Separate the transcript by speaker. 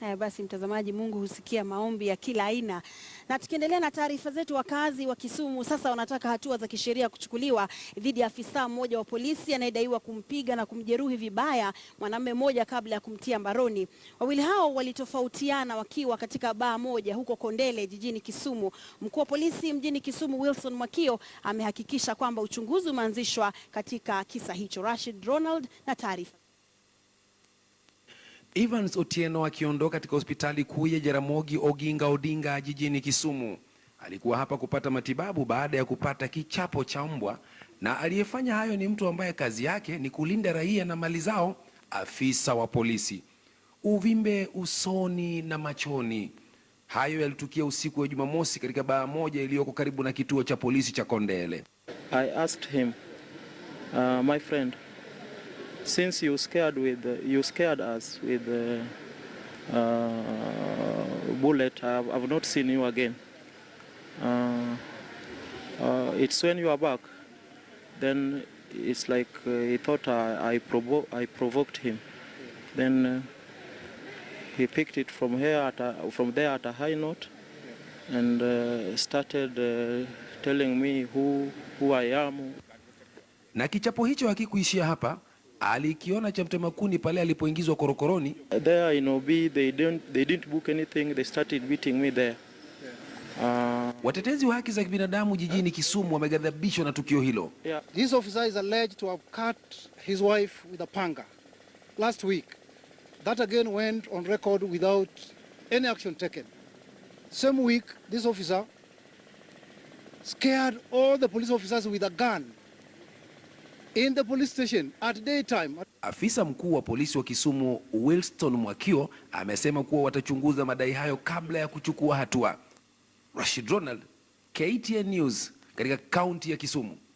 Speaker 1: Haya basi, mtazamaji, Mungu husikia maombi ya kila aina. Na tukiendelea na taarifa zetu, wakazi wa Kisumu sasa wanataka hatua za kisheria kuchukuliwa dhidi ya afisa mmoja wa polisi anayedaiwa kumpiga na kumjeruhi vibaya mwanamume mmoja kabla ya kumtia mbaroni. Wawili hao walitofautiana wakiwa katika baa moja huko Kondele jijini Kisumu. Mkuu wa polisi mjini Kisumu Wilson Mwakio amehakikisha kwamba uchunguzi umeanzishwa katika kisa hicho. Rashid Ronald na taarifa
Speaker 2: Evans Otieno akiondoka katika hospitali kuu ya Jaramogi Oginga Odinga jijini Kisumu. Alikuwa hapa kupata matibabu baada ya kupata kichapo cha mbwa, na aliyefanya hayo ni mtu ambaye kazi yake ni kulinda raia na mali zao, afisa wa polisi. Uvimbe usoni na machoni, hayo yalitukia usiku wa Jumamosi katika baa moja iliyoko karibu na kituo cha polisi cha Kondele.
Speaker 3: I asked him, uh, my friend since you scared with you scared us with the uh, uh, bullet I've, I've not seen you again uh, uh, it's when you are back then it's like uh, he thought I, I, provo I provoked him then uh, he picked it from here at a, from there at a high note and uh, started uh, telling me who, who I am
Speaker 2: na kichapo hicho hakikuishia hapa alikiona cha mtema kuni pale alipoingizwa korokoroni.
Speaker 3: There in Obi, they didn't they didn't book anything they started beating me there. Uh,
Speaker 2: watetezi wa haki za kibinadamu jijini Kisumu wameghadhabishwa na tukio hilo. Yeah.
Speaker 4: This officer is alleged to have cut his wife with a panga last week. That again went on record without any action taken. Same week this officer scared all the police officers with a gun in the police station at daytime.
Speaker 2: Afisa mkuu wa polisi wa Kisumu Wilston Mwakio amesema kuwa watachunguza madai hayo kabla ya kuchukua hatua. Rashid Ronald, KTN News, katika kaunti ya Kisumu.